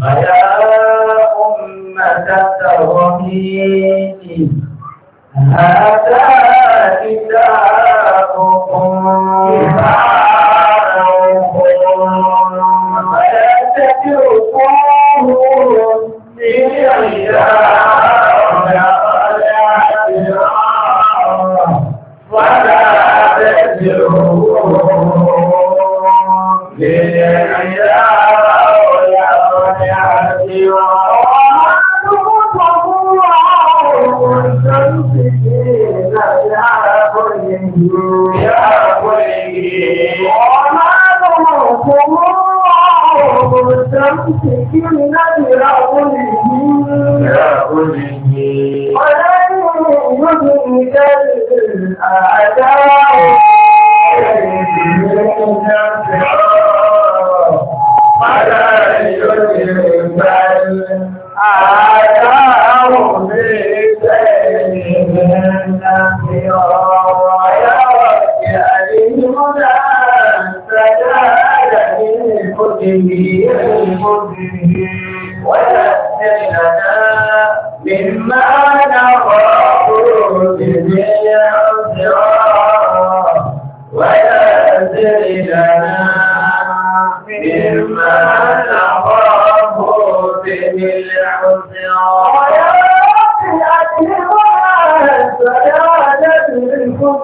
فيا أمة الرميم هذا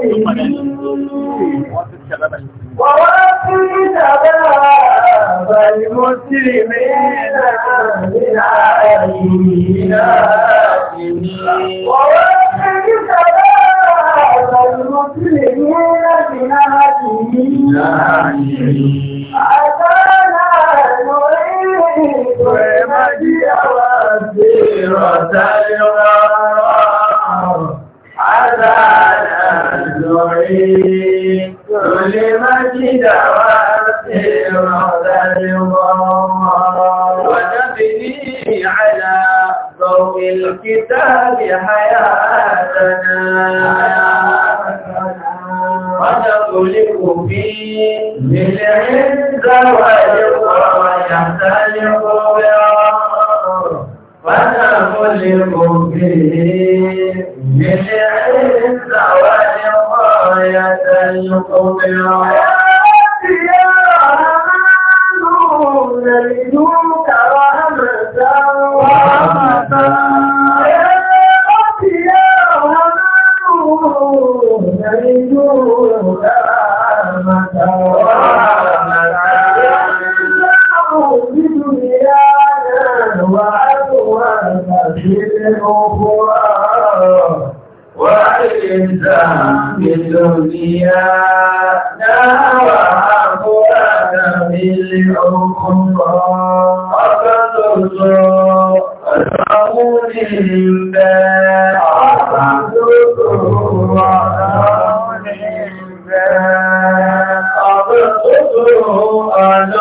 وَوَفِي شَبَابَ الْمُسْلِمِينَ مِنْ الله الأمور الله أعبده وأعبده أعبده أعبده أعبده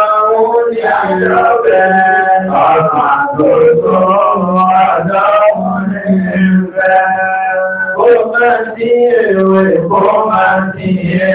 أعبده وما دي وما دي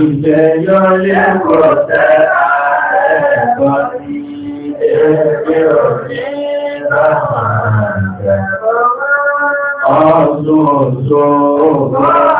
Ìjẹyọ lẹ́kọ̀ọ́ tẹ́ ààrẹ̀kọ́ ní ẹgbẹ́ òní láwọn àjẹ́ ọdún ọdún ọgbọ́n.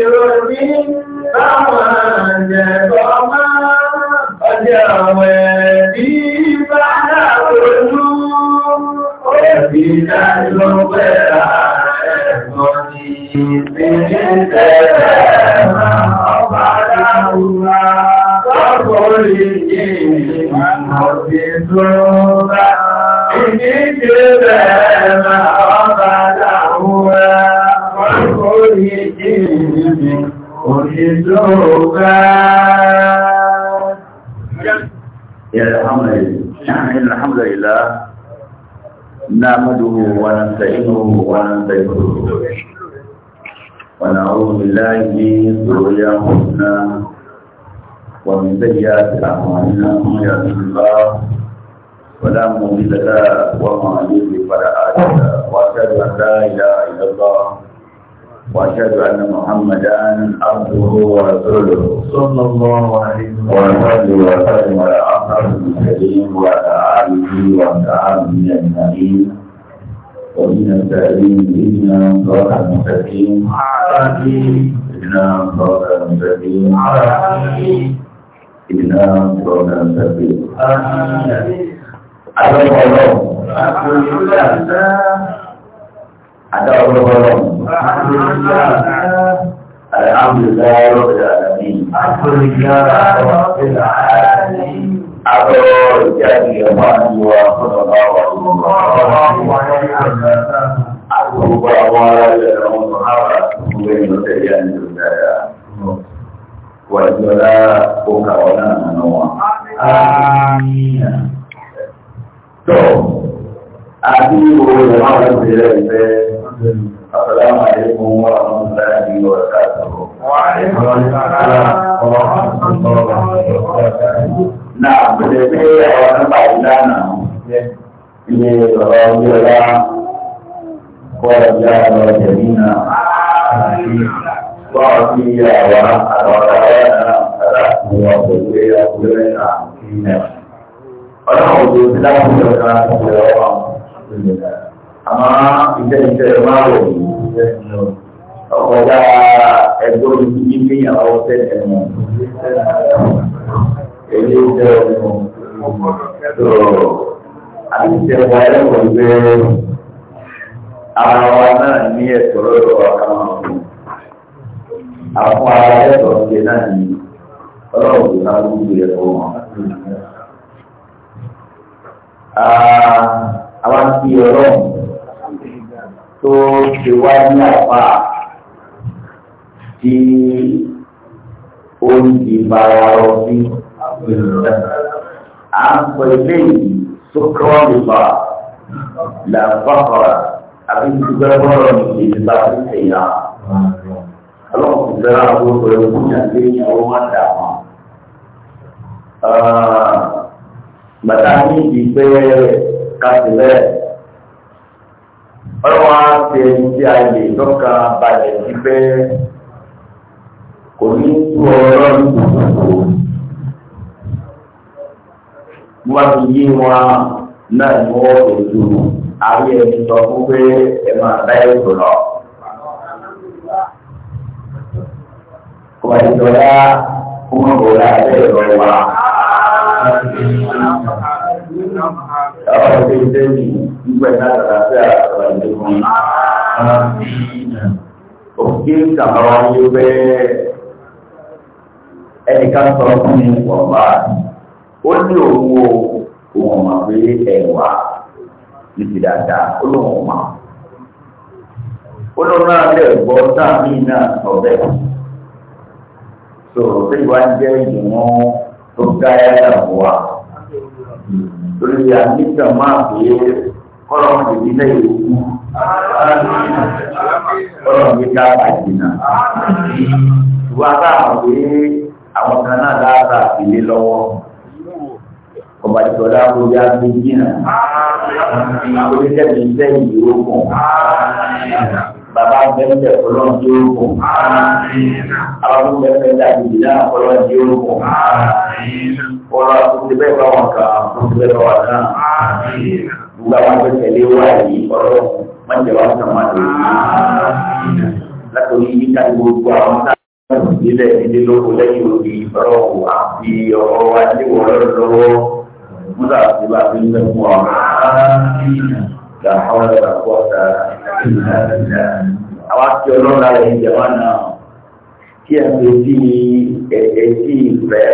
ìrò ní báwọn àjẹ̀bọ̀ máa ọjọ́ ọ̀wẹ̀ bí bá dàbòlú. Ó bí dájú pé àẹ̀gbọ́n ni ìpínlẹ̀ tẹ́lẹ̀ máa ọba dáhùwà. Lọ́pọ̀ lè ní ìmọ̀ ọ̀sẹ̀ tó bá ìdíje Alhamdulillah Namaduhu wa nasa'inuhu wa nasa'inuhu Wa na'udhu billahi suriyahuna Wa min sayyat al-amalina Ya Allah Wa la mu'midata wa ma'adhi Fala'adha wa sallallahu ila ila Allah وأشهد أن محمدا عبده ورسوله صلى الله عليه وسلم وسلم على أفضل الكريم وعلى آله وأصحابه أجمعين ومن التعليم بإذن صراط المستقيم آمين إذن صراط المستقيم آمين إذن صراط المستقيم آمين أبدا الله الحمد لله أدعو لهم الحمد لله رب العالمين الحمد لله رب العالمين أدعو الجاني أماني وأخذ الله الله عليه وسلم أدعو الله لهم ومن يتجان بالله وجلاء وكونا منوع آمين تو أبي وولد الله السلام عليكم ورحمة الله وبركاته وعليكم السلام ورحمة الله وبركاته نعم بالنسبة وأنا بعدنا إلى رضي الله ورجال وجميعنا وعطية وعطية وعطية ọlọ́run tó ti dáhùn sí ọ̀gá ìjọba ọ̀hún àmọ́ ìjẹ́ ìjẹ́ máa wọ̀ yìí ọ̀gá ẹgbẹ́ olùdíjí ní àwọn ọ̀sẹ̀ ẹ̀mọ́ èyí jẹ́ ọ̀gbọ̀n tó àtijọ́ wa ẹlẹ́wọ̀n gbé ara wa náà ní ẹ̀tọ́ lọ́dọ̀ àwọn àwọn ara ẹ̀tọ́ ṣe náà ní ọlọ́run náà gbogbo ẹ̀kọ́ wọn. àwọn ti ọlọ́run tó ṣe wá ní àpá tí ó ń di bara ọtí à ń pè léyìí sókòrò nípa làbàkọ̀rà àbí ìgbẹ́gbọ́rọ̀ ìdìbà tó ṣe yá. Ọlọ́run kò fẹ́ràn àbúrò rẹ̀ fún ìyàgbé ìyàwó máa dà wọ́n. Bàtà ní ìdí pé ọlọ́wọ́ á ṣe ẹni tí a lè lọ́ka balẹ̀ síbẹ̀ kò ní tú ọ̀rọ̀ ìdòdò wọ́n ti yí wọn náà ní wọ́n kò ju ayé ẹni sọ fún pé ẹ máa dá ètò lọ. Kọ̀ọ̀dọ̀dá kúmọ̀bọ̀dá ẹ̀rọ wa. Àwọn ọ̀sẹ̀ ìṣẹ́ yìí nígbà ìlànà àti àtàrà ìdókòwò. Òkè ìkàwá yóò bẹ́ẹ̀ ẹnìkan sọ fún mi ọ̀bá. Ó ní owó òun mà pé ẹ̀wà ní ti dáadáa ó lóun mà. Ó lóun náà lẹ̀ gbọ́ sáà míì náà lórí àníkà máa pé kọ́lọ̀ wọn ti dílé ìwòkú kọ́lọ̀ mi ká àjìnà ṣùgbọ́n táwọn pé àwọn kan náà dáadáa ìlé lọ́wọ́ ọba ìtọ́lá orí agbé jìnà orí tẹ̀mí iṣẹ́ ìlú ó bàbá bẹ́ẹ̀ ọlọ́run tí ó kù. Àwọn tó bẹ́ẹ̀ dàbí ìdílé ọlọ́run tí ó kù. Ọlọ́run tó ti bẹ́ẹ̀ bá wọn kàn án tó ti bẹ́ẹ̀ bá wọn náà. Gbogbo àwọn tó tẹ̀lé wá yìí ọlọ́run má jẹ́ wọn kàn máa lè rí. Látòrí yìí ká gbogbo àwọn táwọn ìdílé ìdílé lóko lẹ́yìn òbí ọlọ́run àti ọ̀rọ̀ wa tí lọ́wọ́. Mọ́tà la hawla wa la quwwata illa billah àwa ti ọlọ́run lára ẹ̀yìn jẹ̀wá náà kí ẹ fi sí etí ìfẹ́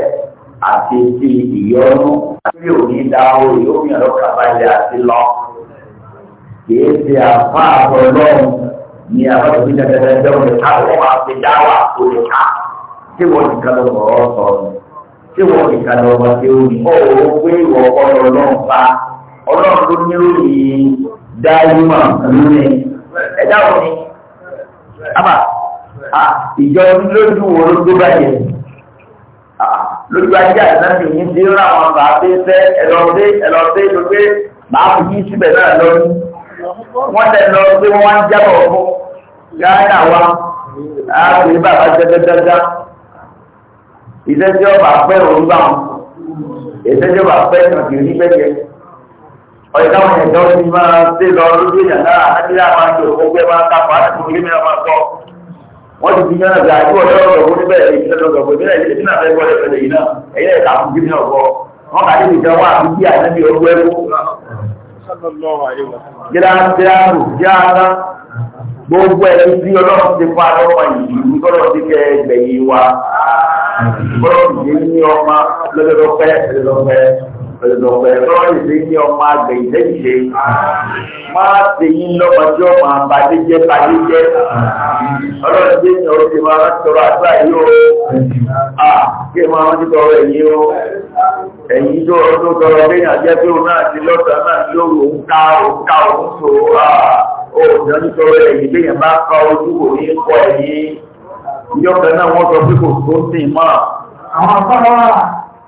àti etí ìyọ́nú àti òní dáwó ìyómi ọ̀rọ̀ kàbáyé àti lọ kìí ṣe àfa àtọ̀lọ́run ni àwọn òbí dẹ́gbẹ́dẹ́ jẹun lè ká wọ́n máa fi dáwà tó lè ká tí wọ́n ti ká lọ́wọ́ ọ̀sọ̀ ni tí wọ́n ti ká lọ́wọ́ tí ó ní. ó wọ́n gbé ìwọ̀ ọlọ́run bá ọlọ́run ló ní lórí dáyúmọ̀ lónìí ẹ̀dá òní àbà ìjọ lójú wo ló tó báyìí lójú ajé àtìláńtì yìí ti ń ráwọn ọ̀sà àti ẹsẹ̀ ẹlọ́dé ẹlọ́dé ló pé màá fi yí síbẹ̀ náà lọ́dún wọ́n tẹ̀ lọ pé wọ́n wá ń jábọ̀ fún gáánà wa ààrẹ bàbá jẹ́jẹ́ dáadáa ìṣẹ́jọ́ bàpẹ́ òun bá wọn ìṣẹ́jọ́ bàpẹ́ ìṣẹ́jọ́ bàpẹ́ ọ̀yẹ̀dá wọn ẹ̀dá wọn ti máa ṣe lọ lójú ìyàn náà ádìyà máa ń lò gbogbo ẹ máa ń kápọ̀ àti gbogbo mìíràn máa gbọ́. wọ́n ti fi yán náà àti ọ̀dọ́ ọ̀dọ́ níbẹ̀ ìṣẹ́ lọ́gbọ̀gbọ̀ ìbílẹ̀ ìṣẹ́ náà fẹ́ gbọ́dọ̀ fẹ́lẹ̀ yìí náà ẹ̀yẹ́ ẹ̀ka fún gbé náà gbọ́. wọ́n kà níbi ìjọba àti bí àtẹ́bí ọgbọ́ ẹ̀kú. gbogbo ẹni tí ọlọ́run ti fa lọ́wọ́ yìí gbọ́dọ̀ ti kẹ ẹgbẹ̀yìn wa gbọ́dọ̀ ti ní ọmọ lọ́dọ̀dọ̀ pẹ́ Ọ̀dọ̀dọ̀pẹ̀ ẹ̀rọ ìdí ní ọmọ àgbẹ̀ ìdẹ́jìṣe. Máa ṣe yí lọ́pọ̀ tí ó máa bàdé jẹ́ bàdé jẹ́. Ọlọ́run tí èèyàn ó ti máa tọrọ àdúrà yìí o. Kí máa rántí tọrọ ẹ̀yìn o. Ẹ̀yìn tó ọdún tọrọ béèyàn jẹ́ pé òun náà ti lọ́sàn-án náà lóru òun ká òun ká òun so. Òòjọ́ nítorí ẹ̀yìn béèyàn bá kọ ojú kò ní kọ ẹ̀yìn. Ìjọba náà wọ́n sọ pé kò tó sí mọ́.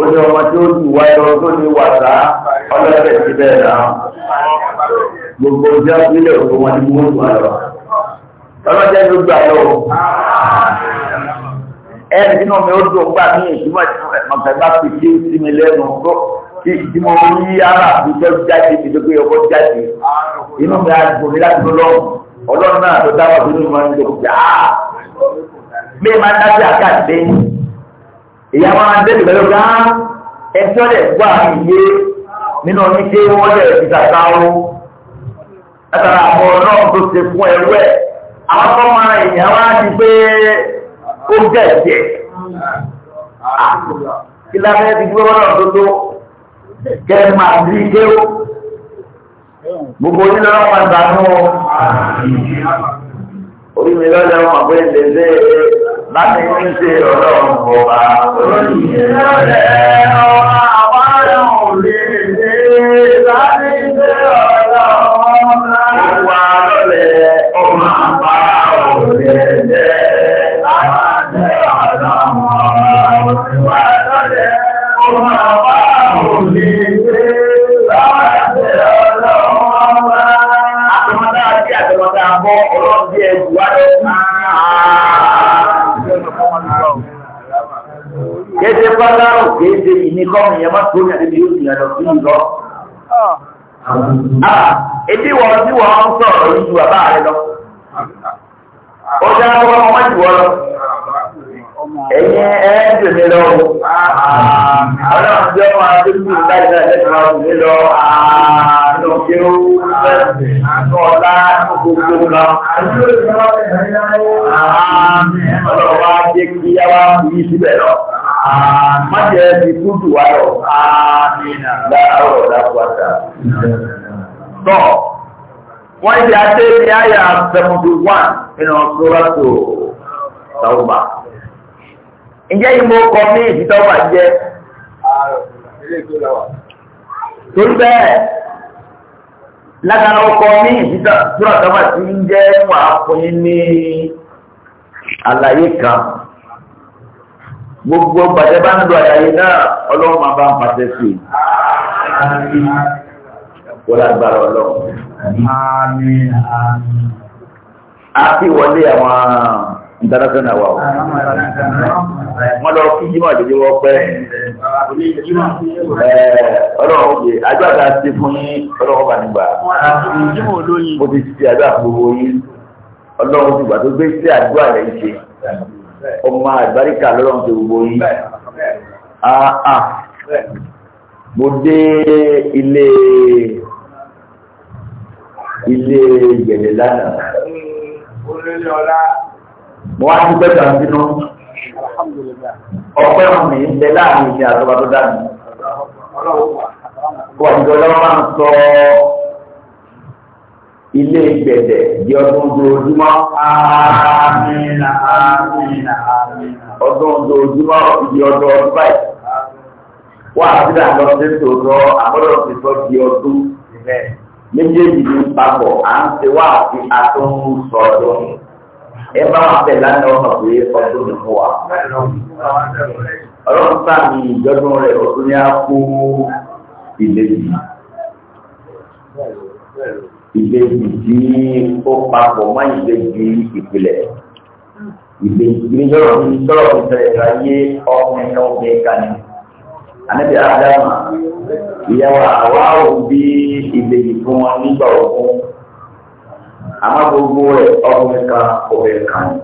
ó ní ọmọ tí ó ti wá ẹ̀rọ tó ní wàtá ọlọ́sẹ̀ sí bẹ́ẹ̀ náà gbogbo ìjọ nílẹ̀ òkú wọn ni mo wà lọ. ọlọ́jẹ́ ló gbà lọ. ẹni nínú mi ó dùn gbà mí ìtumọ̀ ìtumọ̀ bá fi kí sí mi lẹ́nu kí tí mo rí ara àbújọ́ jáde ti dókè ọkọ̀ jáde inú mi á dùn mí láti lọ́wọ́ ọlọ́run náà tó dáwọ́ sínú mi máa ń lò pé mi máa dájú àkàdé ìyá wọn á dé ìbẹ̀rẹ̀ gbá ẹjọ́ lẹ̀ gbà iye nínú oníṣe wọn lẹ̀ fi tàta o látara àwọn ọlọ́run tó ṣe fún ẹrú ẹ̀ àwọn tó máa èèyàn wá di pé ó jẹ́ ẹ̀jẹ̀ kí lábẹ́ ti gbé wọn náà tó tó kẹ́ ẹ máa rí kéwò gbogbo onílẹ̀ máa dànù orí mi lọ́lẹ̀ wọn àbúrò ìdẹ́sẹ̀ láti ní ṣe ọlọ́run ọba. Olùyẹ̀rẹ̀ ọ̀rọ̀ àwọn àwárẹ̀ òun lè ní kọ́mù yẹn má tó ní àdébí yóò sì yàtọ̀ sí ìlọ. Ebi wọ́n tí wọ́n ń sọ̀rọ̀ yìí ju bàbá rẹ lọ. Ó dá lọ́wọ́ ọmọ jù wọ́n lọ. Ẹ̀yin ẹ̀ ń dùn mí lọ. Ah, ọlọ́run jẹ́ ọmọ adébí ìdájọ́ ẹ̀jẹ̀ máa dùn mí lọ. Àánú ah, kí ó fẹ́ àánú ọ̀la gbogbo lọ. Ah, ọlọ́run wá dé kí yá wá fi síbẹ̀ lọ. májẹ̀ ti kújù wá lọ láàárọ̀ lápàtà tọ́ wọ́n ti àti ní àyà 71 nínú sóràtò tàwùbà ǹjẹ́ ìmọ̀ ọkọ̀ ní ìfìtọ́wà jẹ́ torí bẹ́ẹ̀ ọkọ̀ ní ìfìtọ́wà tí ń jẹ́ wà fún gbogbo gbàdé bá ń lo àyàyé náà ọlọ́run máa bá ń pàṣẹ sí i kó lágbára ọlọ́run. a fi àwọn wa o lọ kí jimá òjòjò wọ ọlọ́run òye fún ọlọ́run bá nígbà mo ti ṣe àjọ àpò owó ọlọ́run ti ọmọ àgbáríkà lọ́rọ̀ ti gbogbo yìí àà ah, ah. mo dé ilé ilé ìgbẹ̀lẹ̀ lánàá mo wá ní pẹ́ta sínú ọpẹ́ mi ń bẹ láàrin ìṣẹ́ àtọ́bà tó dá mi kò àjọ lọ́wọ́ máa ń sọ ilé gbẹ̀dẹ̀ di ọdún ojoojúmọ́. Àmìnà àmìnà àmìnà. Ọdún ojoojúmọ́ di ọdún ọdún báyìí. Wọ́n àti àlọ́ ṣe ń tòótọ́ àbọ̀dọ̀ ti sọ di ọdún. Méjèèjì ní papọ̀ à ń ṣe wá àti àtúnwò sọ̀dọ̀. Ẹ bá wà bẹ̀ lánàá ọ̀nà pé ọdún ni mo wà. Ọlọ́run sàmì ìjọdún rẹ̀ ọdún ní á kó ìlẹ́yìn ìbejì tí ó papọ̀ má ìbejì ìpìlẹ̀ ìbejì lọ́rọ̀ ní sọ̀rọ̀ ní sọ̀rọ̀ ìgbà yé ọkùnrin náà ó bẹ́ẹ̀ ká ní. ànábì ádámà ìyàwó àwa ò bí ìbejì fún wọn nígbà ọ̀gbọ́n àmọ́ gbogbo rẹ̀ ọkùnrin kan ó bẹ́ẹ̀ ká ní.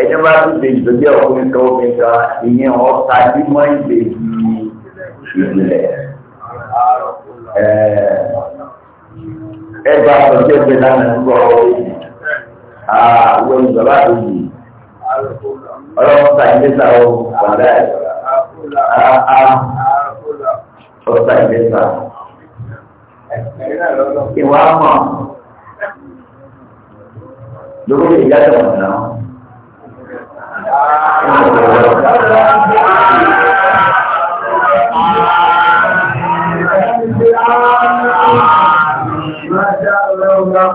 ẹjọ́ bá tún ṣe ìdọ́jẹ́ ọkùnrin kan ó ká ìyẹn ọ̀ta bí mọ́ ìbejì ìpìlẹ̀ ẹgbà ọjọ́ ẹgbẹ́ lánàá ń gbọ́ àwọn olùgbàlá àdóyè ọlọ́run ta ilé ta ọ wàlẹ́ àá ọ̀tá ilé ta ìwà mọ̀ lórí ìyá tó mọ̀ náà.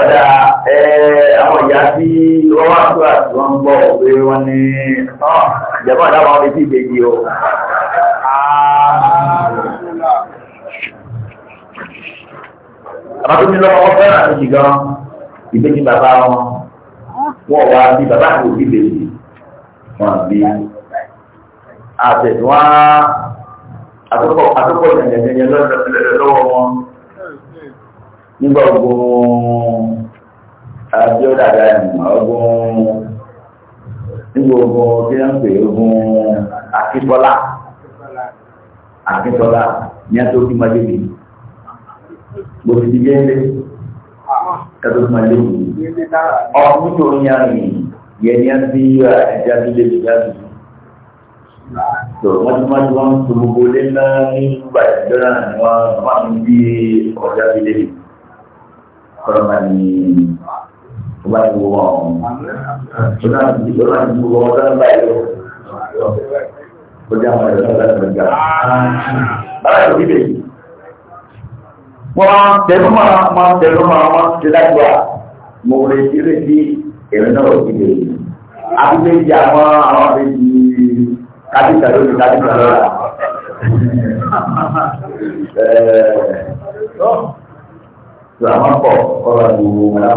ọ̀dà àwọn ìyá tí wọ́n wá tó àti wọ́n ń gbọ́ pé wọ́n ni ìjọba àdáwọn ọdún tí ìbejì o. àwọn tó ní lọ́wọ́ fẹ́ràn àtúnṣe gan ìbejì bàbá wọn wọ́n wá bí bàbá àti òbí ìbejì wọn bí àtẹ̀tún wá àtúkọ̀ àtúkọ̀ ìjẹ̀jẹ̀ lọ́wọ́ wọn nígbà ogun abiola dàmà ogun nígbà ogun kíláǹpé ogun akíntọ́lá akíntọ́lá ní a tó kí máa débi gbòòrò ti jẹ́ ilé kátó kí máa débi ọkùnrin tó ń yan yìí yẹn ní a ti ẹja débi jáde tó mọ́tímọ́tí wọ́n tó gbogbo lé náà nígbà ìjọba ni wọ́n máa ń bí ọjà tó débi. permani kembali uang. Sudah dibilang buang dan baik. Berjamaah dan berjamaah. Baik begini. Wah, terima, mah terima, mah tidak dua. Mulai kiri di elok kiri. Abi berjama, abi di kaki taru di kaki taru. Eh, tó àwọn pọ̀ kọ́ra ju ọ̀la.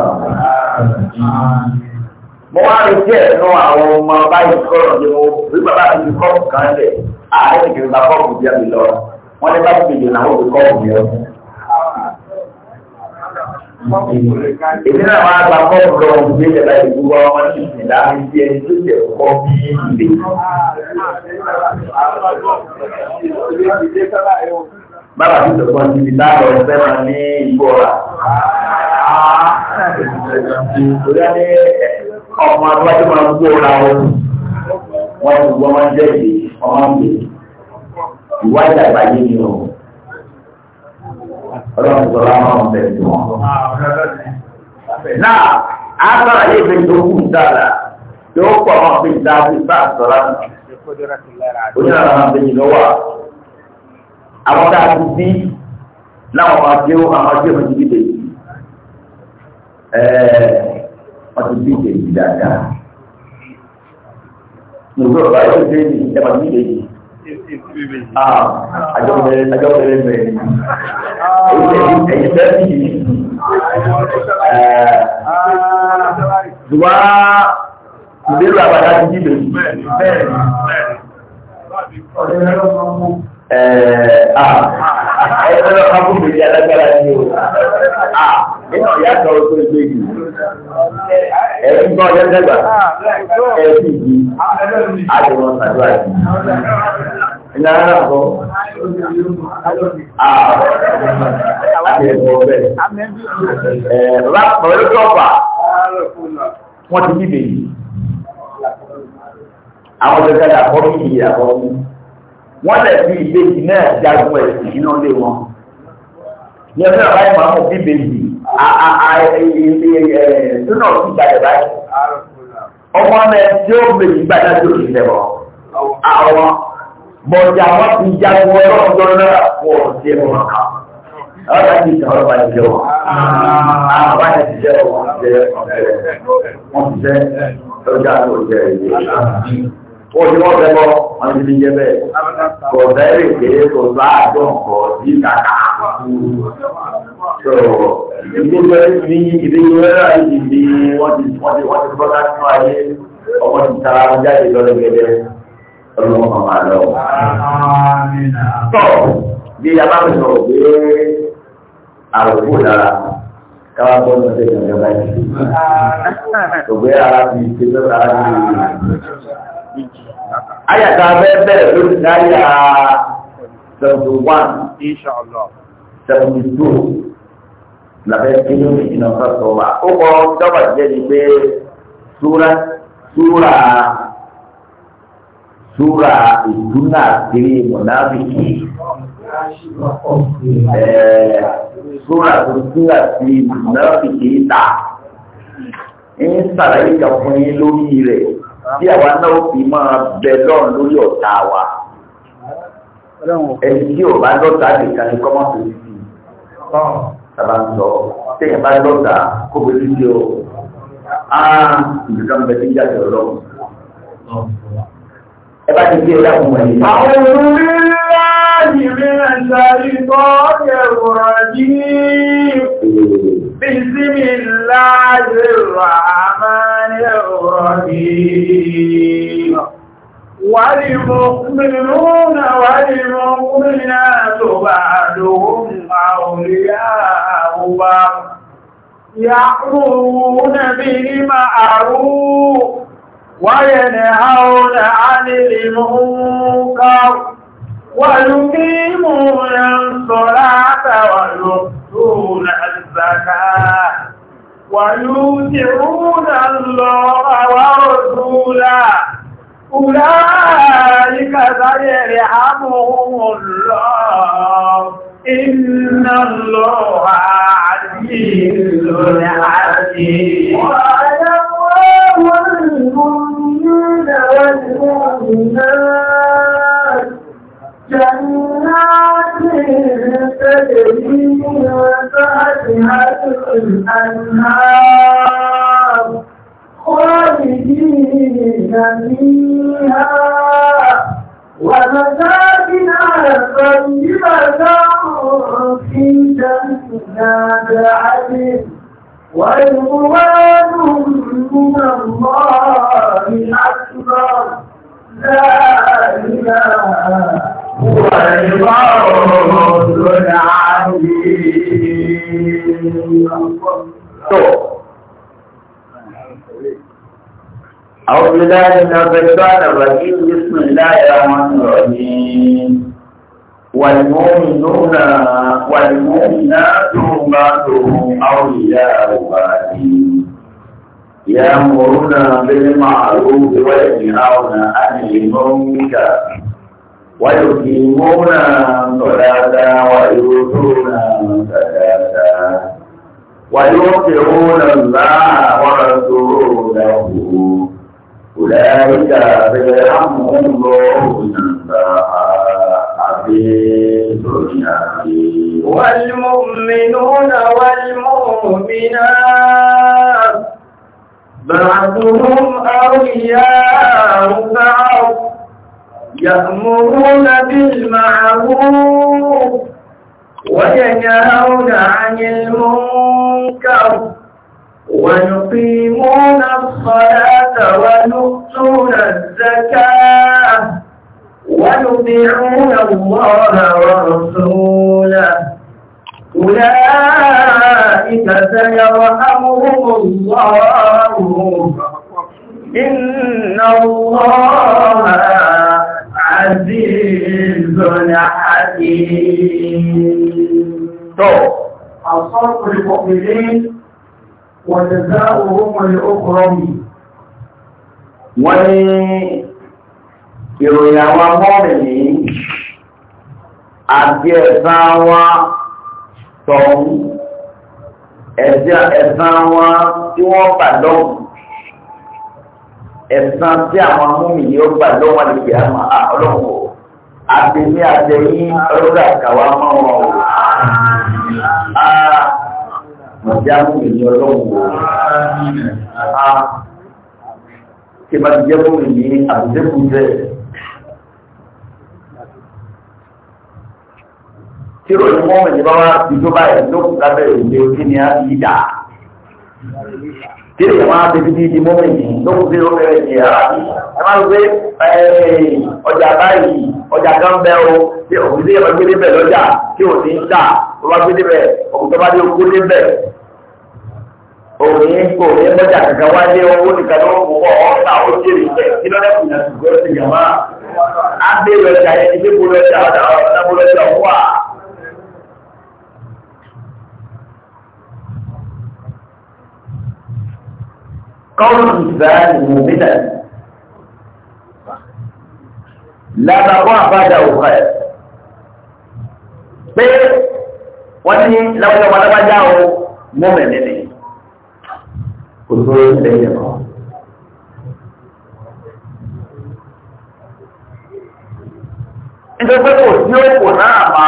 mo wá rí díẹ̀ nínú àwọn ọmọ báyìí kọ́rọ̀ ní mo rí bàbá mi fi kọ́ọ̀pù kan lẹ̀ ààrẹ ti kìrìbà kọ́ọ̀pù bí abì lọ wọ́n ní báyìí kejì náà ó fi kọ́ọ̀pù yẹn. èmi náà máa gba kọ́ọ̀pù lọ òun gbé ìjọba ìlú wa wọn ní ìsìnlá mi bí ẹni tó jẹ kọ́ bí ìlè bábà tí ìjọba ti fi dáàbò ẹgbẹ́ máa ní ìbò ọ̀la. Orí á ní ọmọ abúlé máa ń gbó ọ̀la wọn. Wọ́n ti gbọ́ máa ń jẹ́ ìdè ọmọ ìgbè. Ìwádìí àgbáyé ni o. Ọlọ́run sọ̀rọ̀ àwọn ọmọ bẹ̀rẹ̀ tó wọn. Náà, a sọ̀rọ̀ yé ìfẹ́ tó kù dáadáa. Yóò pọ̀ ọmọ pé ìdáàbò ìbá sọ̀rọ̀ àná. Oníyàrá máa ń bẹ̀yìn lọ́wọ́ àwọn tá a ti bí láwọn máa jẹ́ àwọn ajé wọn ti bí dèjì wọ́n ti bí dèjì dáadáa nùgbọ́ ọ̀gá yóò dé ní ẹ̀ma bí dèjì àjọpẹ̀rẹ̀ àjọpẹ̀rẹ̀ bẹ̀rẹ̀ ẹ̀yìn bẹ́ẹ̀ bí yìí dùwà ìbéèrè àbàdà ti bí dèjì bẹ́ẹ̀ ni ẹ̀ẹ́dẹ́rẹ́ ọkùnrin méjì alágbára ni o nínú ọ̀yá kan ó tó gbé yìí ẹ̀yìn gbọ́ ọ̀yá dẹ́gbà ẹ̀ẹ́dì yìí àdìmọ̀ sàdúrà yìí iná ara bọ̀ àti ẹ̀bọ̀ bẹ́ẹ̀ ẹ̀ẹ́dẹ́rẹ́ ọ̀rẹ́ tọ́pà wọ́n ti bíbè yìí àwọn ọ̀dẹ́gbẹ̀rẹ̀ àkọ́bí yìí àkọ́bí wọ́n lè fi ìbejì náà jagun ẹ̀sìn iná lé wọn. Yẹ́nì ọ̀rá ìmọ̀ àwọn bíbejì túnà sí ìgbàlẹ̀ báyìí. Ọmọ rẹ̀ tí ó bejì gbàdá tó sì lẹ̀wọ̀. Àwọn bọ̀dẹ̀ àwọn ti jagun ọlọ́ọ̀dọ́ náà pọ̀ sí ẹ̀wọ̀n kan. Ọ̀rọ̀ láti ìtàn ọ̀rọ̀ bá ti jẹ́ wọn. Àwọn bá ti jẹ́ wọn jẹ́ ọ̀fẹ́. Wọ́n ti jẹ́ ọjà ló jẹ́ ìwé ó ní wọ́n fẹ́ bọ́ wọn ti fi jẹ bẹ́ẹ̀ kò bẹ́ẹ̀rẹ̀ pé kò bá àdán kọ̀ sí kàkà ìgbésẹ̀ ní ìdíyẹ náà ti di wọ́n ti wọ́n ti nínú ayé ọmọ ti tara wọn jáde lọ́dọ̀ gẹ́gẹ́ ọlọ́mọ màmá lọ. tọ́ bí abáfẹ́sọ̀ pé àròkù lára káwá bọ́ ní ọ̀sẹ̀ ìgbàgbọ́ báyìí. ògbé ara ti ṣe lọ́dọ̀ ara ti ṣe. Ayàtà abẹ́ bẹ̀rẹ̀ lórí láyà 71, Inshallah. 72, làbẹ́ kí ló ní ìnà ọ̀sán sọ wà. Ó kọ dọ́bà jẹ́ ni pé súra súra súra ìdúnà kiri mọ̀nàbìkì. Súra tó súra sí mọ̀nàbìkì ta. Ń sàlàyé kan fún yín lórí rẹ̀ bí àwa náà fi máa bẹ lọ́run lórí ọ̀tá wa ẹni tí ò bá lọ́ta nìkan ni kọ́mọ́ tó ti di sábà ń sọ téèyàn bá lọ́ta kó bójú tí o á nǹkan bẹ tí ń jáde ọlọ́run ẹ bá ti gbé ẹ̀dá fún wọn yìí. àwọn olórí láàyè mi ń sáré tọ́ ẹ̀rọ yìí. Bismillahir Rahmanir Rahim. والمؤمنون والمؤمنات بعدهم أولياء بعض يأمرون بالمعروف وينهون عن المنكر ويقيمون الصلاة ويؤتون الزكاة ويوزعون الله ورسوله أولئك سيرحمهم الله إن الله عزيز حكيم ويقوم والمؤمنات جنات تجري من تحتها الأنهار خالدين فيها ومساكن طيبة في جنات عدن ورضوان من الله أكبر لا إله هو الفوز العظيم أعوذ بالله من الشيطان الرجيم بسم الله الرحمن الرحيم والمؤمنون والمؤمنات بعضهم أولياء بعض يأمرون بالمعروف وينهون عن المنكر ويقيمون الصلاة ويؤتون الزكاة ويطيعون الله ورسوله أولئك بهم الله نفاقا والمؤمنون والمؤمنات بعضهم أولياء بعض يأمرون بالمعروف وينهون عن المنكر ويقيمون الصلاة ويؤتون الزكاة ويطيعون الله ورسوله أولئك سيرحمهم الله إن الله عزيز حكيم الصرف للمؤمنين وجزاؤهم لأخرهم ìròyìn àwọn mọ́rìnì àti ẹ̀sán wa tọ̀hún ẹ̀sán wa tí wọ́n gbà lọ́wọ́ ẹ̀sán tí àwọn mọ́rìnì ó gbà lọ́wọ́ lè fi àmà ọlọ́wọ́ àtẹ̀mí àtẹ̀yìn ọlọ́dà kàwá mọ́ wọn o. Màjá mọ́rìnì ọlọ́wọ́ o. Kí bá ti jẹ́ mọ́rìnì àbùdẹ́kùn jẹ́. tí ròyìn mọ́mọ̀ ni bábá ti tó báyìí ló kù lábẹ́ òde kí ni a ti dà tí ròyìn máa ti fi di mọ́mọ̀ ní ló kù sí ọmọ rẹ̀ ní ara bí ẹ máa ń gbé ọjà báyìí ọjà kan bẹ́ o tí òkú sí ẹ̀rọ gbédé bẹ̀ lọ́jà tí ò ní tà ó bá gbédé bẹ̀ òkú tó bá dé okú dé bẹ̀ òní kò ní mọ́jà kankan wá dé owó nìkan ló kù bọ̀ ọ́ ta ó jèrè bẹ̀ kí lọ́dẹ̀kùn náà ti gbọ́ sí yàrá á gbé lọ́jà yẹn ní gbé bó lọ́jà ọ̀dà ọ̀dà bó lọ́jà ọ̀wà. قول فان مؤمنا لا بقى بعده خير pé wọ́n ní lọ́wọ́lọ́ pátápátá o mọ́mẹ̀lẹ́ ni kò tó lẹ́yìn ẹ̀kọ́. nítorí pé kò sí òkò náà má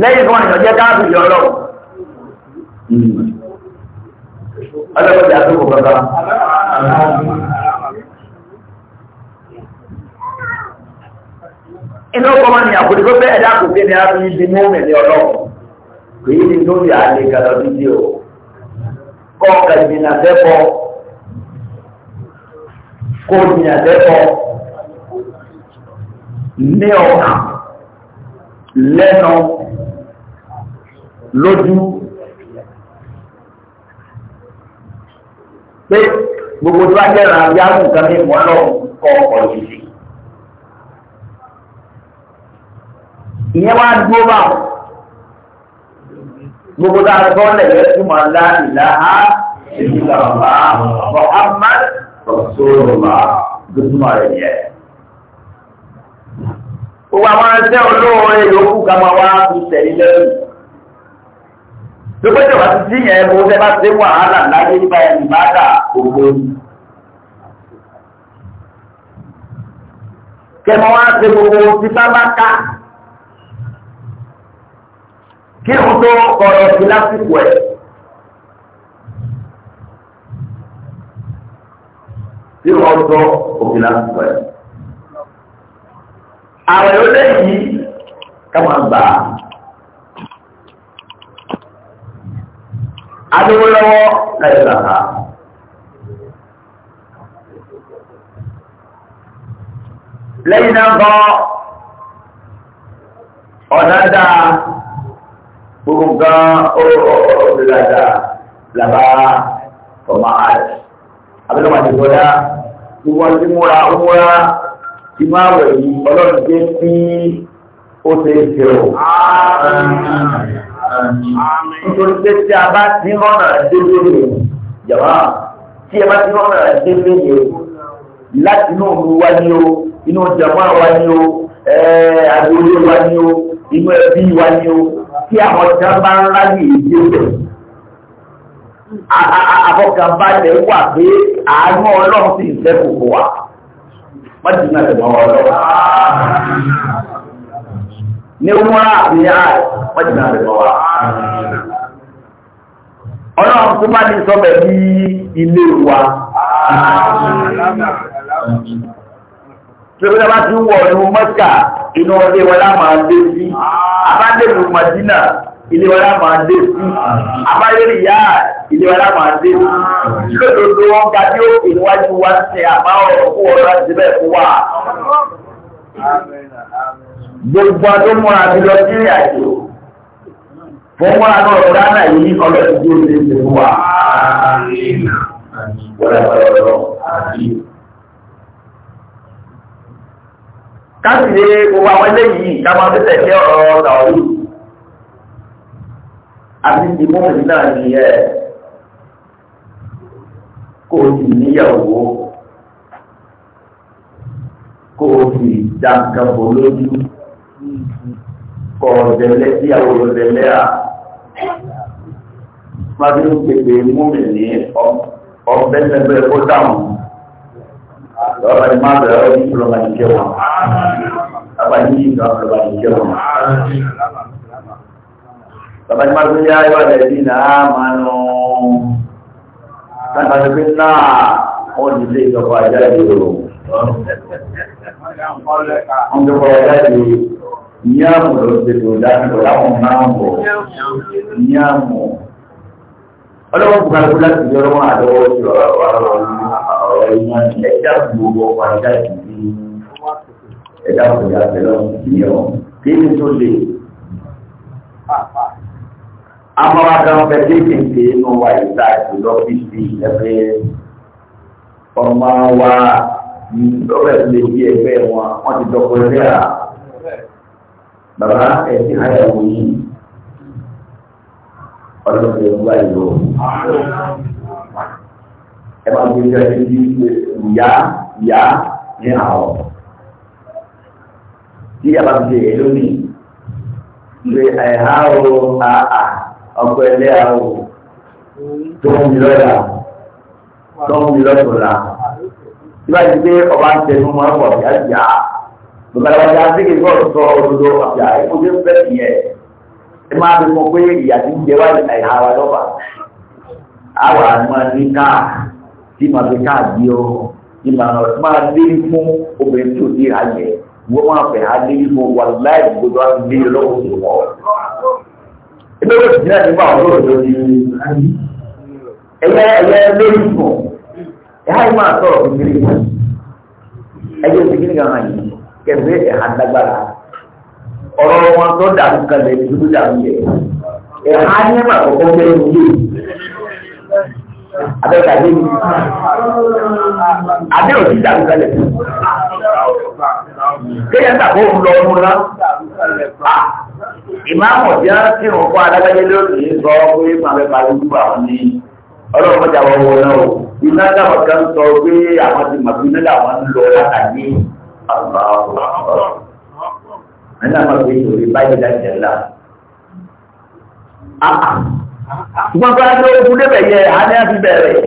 lẹ́yìn tó wọ́n ní ọjọ́ káàbì yọ lọ́wọ́ ọlọ́pàá ti àtúkò bàbá. iná ọkọ̀ máa ní àkùdí tó bẹ́ẹ̀ dá kùdí ní àbí ibi mú mẹ́lẹ̀ ọlọ́run kò yí ni lórí àlè gàdọ̀ dídí o kọ́ kàdìnà sẹ́kọ̀ kó dìnà sẹ́kọ̀ ní ọkàn lẹ́nu lójú pé gbogbo tí nǹkan kọ́ ọ̀pọ̀ ìyẹn wá dúró bá wọn gbogbo a gbọ́ lẹ̀lẹ́ tí mo la ìlà á èyí là wà Muhammad Rasulullah gbẹdúmọ̀ rẹ̀ yẹ. gbogbo àwọn olóore yòókù ká máa wá fi tẹ̀lé lẹ́yìn. lókè tí wàá ti yẹn bó ṣe bá ṣe wàhálà láyé nípa ẹni bá dà ògbó yìí. kẹmọ wá ṣe gbogbo títà bá ká kí n tó ọ̀rọ̀ sí lásìkò ẹ̀. tí wọ́n tọ́ òfin lásìkò ẹ̀. àwọn èèyàn lè yí ká máa gbà á. adówólọ́wọ́ ẹ̀sà ha lẹ́yìn náà kọ́ ọ̀nà dáa gbogbo nǹkan ọ̀rọ̀lọ́dà làbá ọmọ ààrẹ abẹ́lọ́mà ti gbọ́dá gbogbo ọdún tí múra múra tí máa wẹ̀ yìí ọlọ́run jẹ́ ó ṣe é ṣe nítorí pé tí a bá ti rọ́nà délé rẹ̀ jàmá tí a bá ti rọ́nà délé rẹ̀ láti inú òru wá ní o inú jàmá wá ní o àgbèrè wá ní o inú ẹbí wá ní o tí àwọn ọjà bá ń ráyè ìdí àfọkànbalẹ̀ wà pé àánú ọlọ́run sì ń fẹ́ kòkó wa. Má jìnnà ìmọ̀ ọlọ́run ní umara àti ààrẹ wọ́n jìnà rẹ̀ bọ̀ wá. ọlọ́run tó bá ní sọ́bẹ̀ ní ilé wa. tí ó bá ti wọ inú mọ́síkà inú ọdẹ wọn máa dé sí abádẹ́lù madina ilé wọn máa dé sí abáyẹ̀rì yá ilé wọn máa dé sí lódodo wọn ga bí ó ìwájú wa ṣe àbá ọ̀rọ̀ kó ọ̀rọ̀ síbẹ̀ fún wa gbogbo tó múra ti lọ sí àjò fún wa náà ọ̀rọ̀ náà yìí ọ̀rọ̀ ti dé ilé ìlú wa. Káàkiri gbogbo àwọn eléyìí ká máa fi tẹ̀lé ọ̀rọ̀ tàwọn yìí. Àti ìmúhùn náà ni ẹ̀ kò sì níyàwó kò sì dàgbàbọ̀ lójú kọ̀ ọ̀dẹ̀lẹ́ sí àwòrán-ọ̀dẹ̀lẹ́ à. Mábí ń pèpè múmi ní ọ̀bẹ́ lẹ́gbẹ́ kó dáhùn. Lọ́ba ni máa bẹ̀rẹ̀ ọdún tó lọ́ba ní kẹwàá. Lọ́ba ní ìgbà lọ́ba ní kẹwàá. Lọ́ba ni máa tún yá ìwádìí ẹ̀dín náà máa nù. Sáà ti pín náà wọ́n ti lé ìjọba àjáde òru. Wọ́n ti lé ìjọba àjáde òru. Nyaamu ló ṣe tó dájú láwọn máàmù nyaamu. Ọlọ́wọ́ bùkálù láti yọ ọmọ àdọ́wọ́ sí ọ̀rọ̀ ìyá ẹ̀dá gbogbo ọkọ̀ ẹ̀dá ìdí ẹ̀dá òkúta pẹ̀lú ìyẹn ọ̀. Kí ni tó lè? Amọ́wádá ń bẹ kéékèèké inú wa ìta ìjọba fífi ẹgbẹ́ ọmọ wa ọbẹ̀ tó lè di ẹgbẹ́ wọn, wọ́n ti dọ́kọ̀ ẹgbẹ́ à bàbá ẹ̀sìn ayẹ̀wò yìí ọlọ́pàá ẹ̀wọ́ ìlú ẹ máa gbé ìjọ ẹni bí ìyá ìyá ní àwọ̀ tí yàrá ti ṣe èlò ní ṣe ẹ̀há o àà ọkọ̀ ẹlẹ́ àwọ̀ tó ń bí lọ́yà tó ń bí lọ́tọ̀ọ̀la tí bá ti gbé ọba ń tẹnu mọ́ ọ̀pọ̀ ìyá ìyá gbọ̀gbọ̀lọpọ̀ àgbègbè gbọ́dọ̀ sọ òdodo àti àìkójú fẹ́ ìyẹn ẹ máa fi mọ pé ìyà ti ń jẹ wá ìhà wa lọ́fà àwọn àmọ́ ní káà tí màá fi káà di ọ ní máa lé fún obìnrin tí ò ní ìhà yẹ wọ́n máa fẹ̀ á lé fún wa láì gbọdọ̀ á lé lọ́wọ́ sí wọn. ẹgbẹ́ wo ti náà nípa ọ̀rọ̀ òdodo ni ẹ̀yẹ ẹ̀yẹ lórí fún ẹ̀há yìí máa sọ̀rọ̀ kékeré ẹ̀yẹ kékeré kan yìí kẹfẹ́ ẹ̀hà dágbára ọ̀rọ̀ wọn tó dàrú kalẹ̀ dúdú dàrú yẹ ẹ̀hà ní mà kọ́kọ́ bẹ́ẹ̀ ń yé abẹ́ka dé mi abẹ́ òsì dàrú kalẹ̀ kéèyàn tàbí òun lọ ọmọ náà ìmáàmù tí wọ́n ti rùn fún adágbẹ́jẹ́ lónìí sọ pé màmẹ́ parí gbúgbà wọn ní ọlọ́run mọ́jà wọn wọ náà iná dáwọn kan sọ pé àwọn ti màbí nílẹ̀ àwọn ń lọ látàgbé Anda mau itu ribai dan jelas. Ah, ṣùgbọ́n bá ní ogun débẹ̀ yẹ àní àti bẹ̀rẹ̀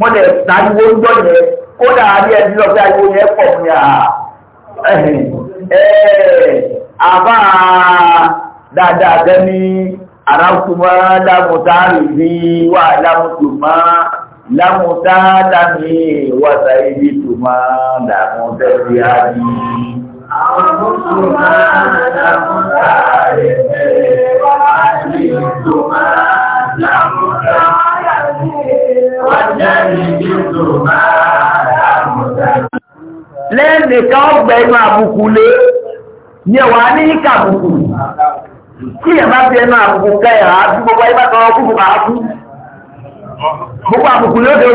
mọ́lẹ̀ tàbíwó ń gbọ́ yẹ kó dáa ní ẹbí lọ́pẹ́ ayé yẹ pọ̀ ní àbá dáadáa gẹ́ ní àrákùnmọ́ lámùtárì ní wà lámùtùmọ́ lámúdáadá mi wàtà ibi tó máa dàmú tẹ́lẹ̀ àbí. Àwọn tó máa dàmú tààrẹ mẹ́rẹ̀ wá ní tó máa dàmú tààrẹ mẹ́rẹ̀ wá jẹ́ ibi tó máa dàmú tààrẹ. Lẹ́nìkan ọgbẹ̀ inú àbùkù lé, ní ẹ̀wà ní kàbùkù. Kí ẹ̀ bá fi ẹnu àbùkù kẹ́ ẹ̀ àádúgbò bá ibà tọrọ kúrò gbogbo àbùkù ní ó dé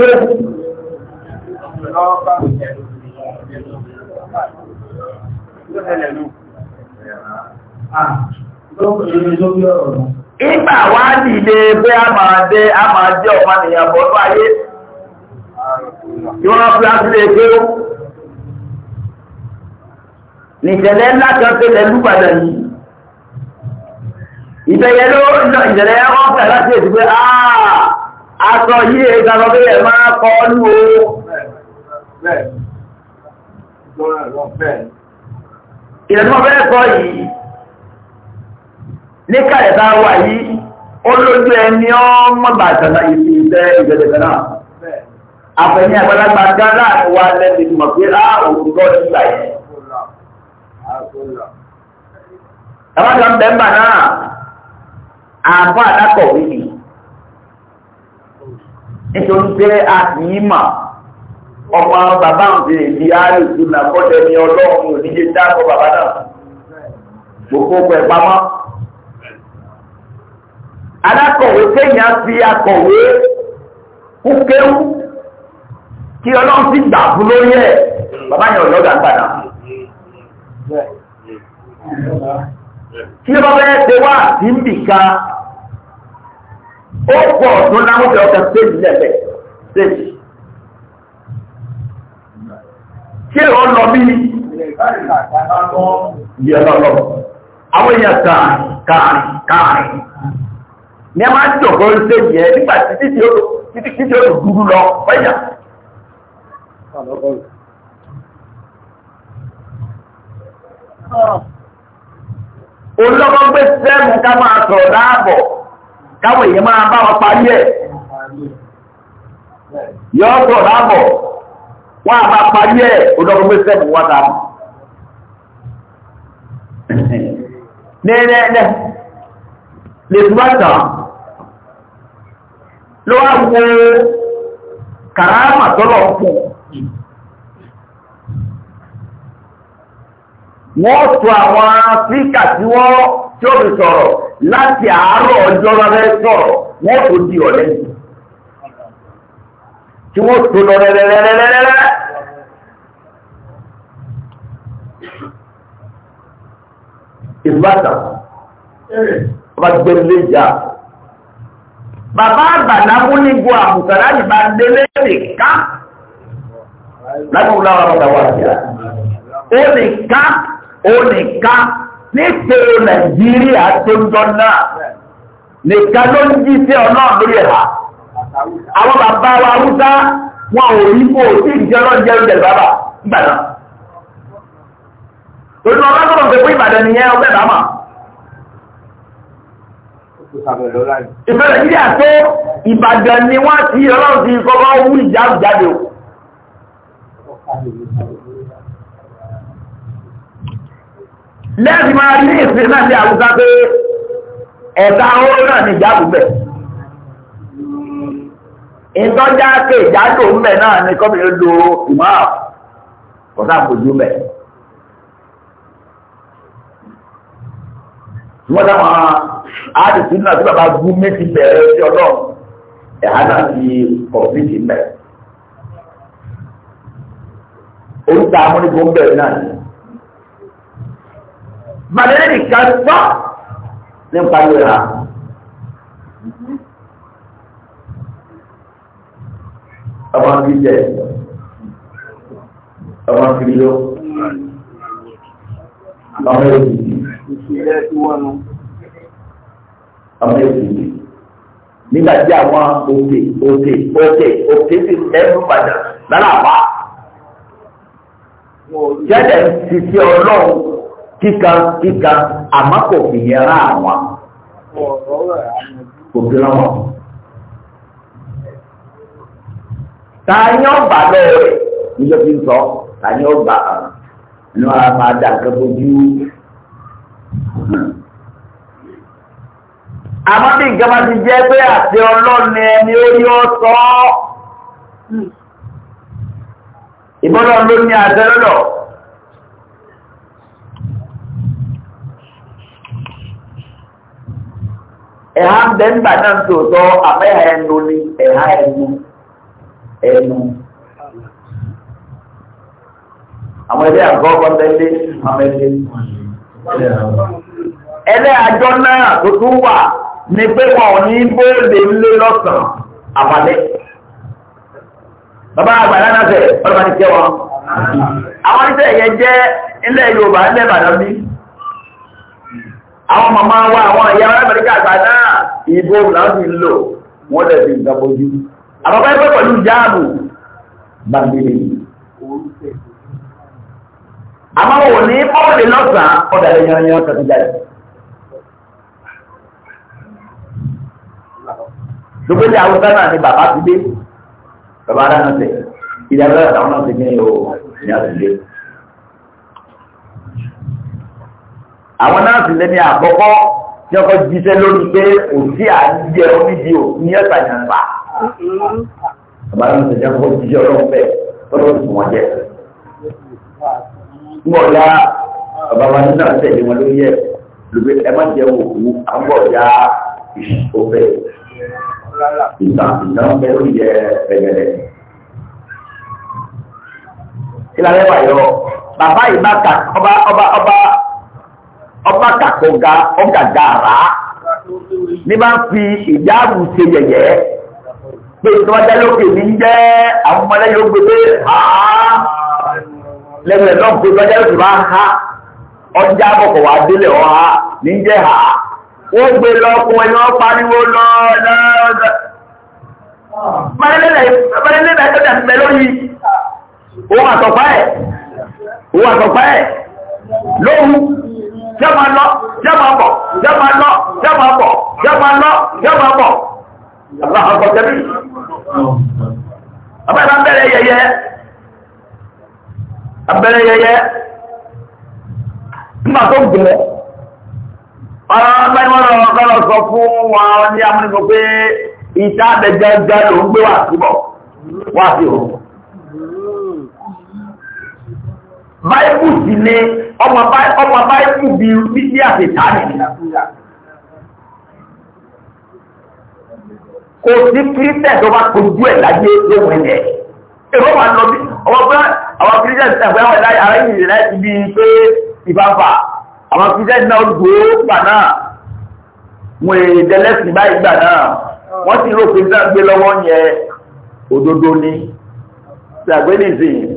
orí Ìgbà wá ní ilé pé a máa dé a máa jẹ́ ọmọ nìyàn bọ́nú ayé. Ìwọ́n fi ápílẹ̀ pé ó. Nìṣẹ̀lẹ̀ ńlá kan tẹ́lẹ̀ lúgbàdà yìí. Ìbẹ̀yẹ̀ ló ń lọ ìṣẹ̀lẹ̀ ẹwọ́n fẹ̀ láti èdè pé àà aṣọ yí ẹgbàmọ bí ẹ máa kọ lú o ìrẹ̀mọ́ bẹ́ẹ̀ kọ yìí ní kàìta wà yìí ó lójú ẹni ọmọ bàtàlá ìsì ìfẹ́ ìgbẹ̀dẹ̀gbẹ̀ náà àfẹ́ni àgbàlagbà gánà wà lẹ́bi mọ̀ pé á ah, òkúrọ̀ nígbà yẹn tàbátà ń bẹ̀ ń bà náà àbọ̀ àdákọ̀wé yìí nítorí pé a kì í mà ọmọ bàbá ń fi èdè àrùsù nà kọ́tẹ́ ní ọlọ́run òdíje dáàbò bàbá náà gbogbo pẹ̀ pamọ́ alákọ̀wé kéèyàn fi akọ̀wé kúkéwú kí ọlọ́run gbà fún lórí ẹ̀ bàbá yẹn ọ̀lọ́gà ń padà kí ọba bẹ́ẹ̀ ṣe wá sí ó pọ̀ ọ̀tún láwùjọ ọ̀kan stéèjì lẹ́fẹ̀ẹ́ stéèjì kí ó lọ bí ìyẹ̀lọ́ lọ àwọn èèyàn kààrin kààrin kààrin ní a máa ń jọ̀gọ́ stéèjì ẹ̀ nígbà títí tí ó dúdú lọ ọ̀yà olùdókòwò gbé sẹ́mu ká máa sọ̀rọ̀ dáàbọ̀ káwọn èèyàn máa bá wọn parí ẹ̀ yọ ọ̀tọ̀ láàbọ̀ wọ́n á bá parí ẹ̀ ọdọ́gbọ́n pé sẹ́ẹ̀bù wọ́n ta mọ̀ nẹ́ẹ̀nẹ́ẹ̀nẹ́ lè tún bá tàn ló wá wo kàrámà tọ́lọ̀ fún wọ́n tún àwọn síkà tí wọ́n tí ó fi sọ̀rọ̀ láti àárọ̀ ọjọ́ rẹ̀ sọ̀rọ̀ wọ́n tó di ọ̀lẹ́ tí wọ́n tó lọ rẹ̀rẹ̀rẹ̀rẹ̀rẹ̀ ìbáta ọba gbẹ̀rù lè jà bàbá àgbàdá mú ní bu àbùkàrà ìbá délé nìka láti wúlò àwọn ọ̀dà wà sí i ó nìka ó nìka nípele nàìjíríà tó ń jọ náà nìkan ló ń jí sí ọ̀nà lórí ẹ̀hà àwọn bàbá wa rúdá wọn ò rí kó tí ìjọba ń jẹun bàbá ìgbà náà òun ọba tó ń pèpè ìbàdàn nìyẹn ọbẹ̀ bàmà ìbẹ̀rẹ̀ nígbà tó ìbàdàn ni wọ́n ti ọlọ́run ti kọ́kọ́ wú ìjà jáde o. lẹ́ẹ̀sì máa rí ní ìsìn náà ní àwùjá pé ẹ̀ta oró náà ní ìjáàbù bẹ̀. ìtọ́já pé ìjádò ńbẹ̀ náà ni kọ́bìnrin lo ìmáà kọ́sà fojú bẹ̀. wọ́n na àdìsí náà tí bàbá gún méjì bẹ̀rẹ̀ sí ọlọ́run ẹ̀há náà ti kọ̀ọ̀fíìsì mẹ́. orúkọ amúnigbó ń bẹ̀rẹ̀ náà ni. màlẹ́rẹ́ nìkan gbọ́ nípa ìlera. ọmọ kiri jẹ ọmọ kiri yó ọmọ èkìtì ọmọ èkìtì nígbà tí àwọn òkè òkè òkè òkè ti ẹnu padà lára wá jẹ́jẹ́ ti ti ọlọ́run kíka kíka àmọ́ kò fi yẹra àwọn kò fi rán wọn. tani ọba lọ́wọ́ níjọ́ fi ń sọ tani ọba ní wọn máa dà nǹkan bójú. àmọ́ bí nǹkan bá ti jẹ́ pé àti ọlọ́ni ẹni orí ọ̀sọ́ ìbọ́dọ̀ ló ní àtẹ́lọ́dọ̀. ẹ̀há ń bẹ́ ń bà náà tó tọ́ àbẹ́hà ẹnu ni ẹ̀há ẹnu ẹnu. Àwọn ẹgbẹ́ àgọ́ ọkọ̀ tẹ́lẹ̀ àwọn ẹgbẹ́. Ẹlẹ́ àjọ náà tó tún wà ní pé wọn ò ní bóòlè lé lọ́sàn-án àbálẹ́. Bàbá àgbà náà náà fẹ̀ ọlọ́pàá ti jẹ́ wọn. Àwọn oníṣẹ́ ìyẹn jẹ́ ilẹ̀ Yorùbá ilẹ̀ bíi àwọn màmá wa àwọn àyà amẹ́ríkà àgbà náà ìbò láti lò wọ́n lẹ̀ fi nǹkan bójú àbábá ẹgbẹ́ pẹ̀lú jáàbù bàbílì àmọ́ wò ní bọ́ọ̀lì lọ́sàn-án ọ̀dà lẹ́yìn ọ̀yàn ọ̀tọ̀ ti jáde lókèjì awúsá náà ni bàbá ti dé bàbá dáná tẹ ìdàgbàsá náà ti ní o ní àtúndé. àwọn náà sì lẹ́ni àkọ́kọ́ tí ọkọ̀ jíṣẹ́ lórí pé òsì àjẹ onídìí òsì ní ẹ̀sà ìjàmbá. bàbá náà sì jẹ́ kọ́kọ́ jíṣẹ́ ọlọ́run bẹ́ẹ̀ tọ́lọ́ sì wọ́n jẹ́. ń bọ̀ ya bàbá wa nínú àtẹ̀lé wọn lórí ẹ̀ lóbi ẹ má jẹ́ òkú à ń bọ̀ ya òfẹ́ ìtàn ìtàn bẹ́ẹ̀ lórí ẹ̀ bẹ̀rẹ̀ ìlànà ẹ̀fà yọ bàbá ìbáka ọba ọba ọba ọba kàkọ́gà ọ̀gàgà rà á ní bá ń fi ìjáàbù ṣe yẹ̀yẹ́ pé ìtọ́jà lókè ní jẹ́ àwọn ọmọlẹ́yìn ó gbé pé ha lẹ́nu ẹ̀ náà pé ìtọ́jà lókè bá ha ọjà bọ̀kọ̀ wá délẹ̀ ọ̀ ha ní jẹ́ ha wọ́n gbé lọ́kùn ẹni wọ́n pariwo lọ lọ́dọ̀ mọ́lẹ́lẹ́lẹ́ ẹ̀kọ́jà ti bẹ lórí òun àtọ̀pá ẹ̀ òun àtọ̀pá ẹ̀ lóhun jẹ́ máa lọ jẹ́ máa bọ̀ jẹ́ máa lọ jẹ́ máa bọ̀ jẹ́ máa lọ jẹ́ máa bọ̀ aláhàn kọ jẹ́ bí. àbẹ́rẹ́ abẹ́rẹ́ yẹyẹ abẹ́rẹ́ yẹyẹ nígbà tó gbẹ̀rẹ̀ ọ̀rọ̀ agbẹ́wọ̀n ọ̀rọ̀ sọ fún wọn ní amúnigbò pé ìta abẹ́jẹ́ gbẹ́ ló ń gbé wá sí báyìbù sì ni ọmọ báyìbù bí bíbí àtẹ̀tà nìyà kò sí kírísẹ̀ tó bá kojú ẹ̀ láyé lóhun ẹ̀dẹ̀ èrò wà lọ bí ọmọ pé àwọn kírísẹ̀ ẹ̀fẹ́ wọn láyé ara yìí láti bí pé ìbáfà àwọn kírísẹ̀ náà gbòó gbà náà wọn èyí tẹlẹsìn báyìí gbà náà wọn sì rò pé sáà gbé lọ́wọ́ yẹn òdodo ni ṣàgbé nìsín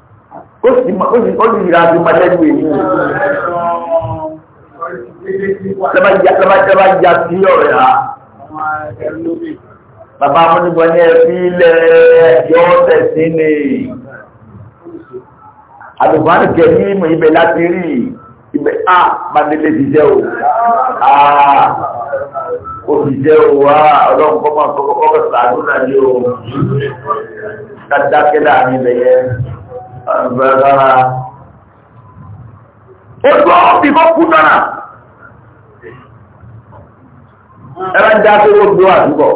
ó sì ó sì ó sì yíra fi máa lẹ́nu èyí o. lọ́ba ya sí ọ̀rẹ́ ha. bàbá amúnigbọ̀n ní ẹbí ilẹ̀ yọ tẹ̀sí ni. àlùfáàní kẹ̀mí ìmọ̀ ibẹ̀ láti rí ibẹ̀ a mandele ti jẹ́ o. Òṣìṣẹ́ òwà ọlọ́run kọ́mọ̀ kọ́kọ́ sàánú náà ni o. Dáadáa kẹ́lá mi lẹ̀yẹ ọ̀bẹ̀rẹ̀ ojú ọ̀bì kọ́ kú dára ẹ̀rọ já sí gbogbo àdúgbò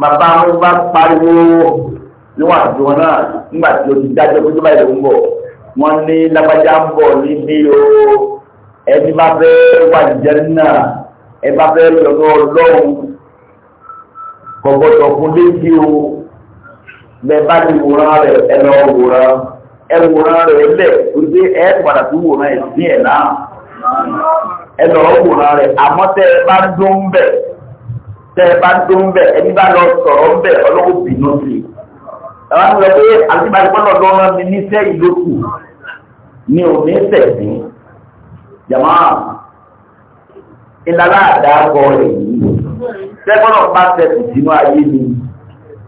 bàbá wọn bá pariwo níwọ̀n àdúgbò náà nígbà tí o ti dájọ́ pé tó bá ìlú ń bọ̀ wọ́n ní lágbájá ń bọ̀ níbí o ẹni bá fẹ́ wà jẹ́ náà ẹ bá fẹ́ lọ́wọ́ ọlọ́run kọ̀gbọ́dọ̀ fún léjì o bẹ́ẹ̀ bá ti wòran rẹ̀ ẹ lọ wòran ẹ wòran rẹ̀ lẹ̀ wípé ẹ padà tún wòran ẹ̀ sí ẹ̀ náà ẹ lọ wòran rẹ̀ àmọ́ bá dún bẹ̀ tẹ́ bá dún bẹ̀ ẹni bá lọ sọ̀rọ̀ bẹ̀ ọlọ́wọ́ bínú sí i àwọn àti lọ pé àtibáyé gbọ́dọ̀ mi níṣẹ́ ìlókù ni ò ní tẹ̀sí jàmá ìlànà àdá kọ èyí tẹ́gbọ́dọ̀ bá tẹ̀sí sínú ayé ni.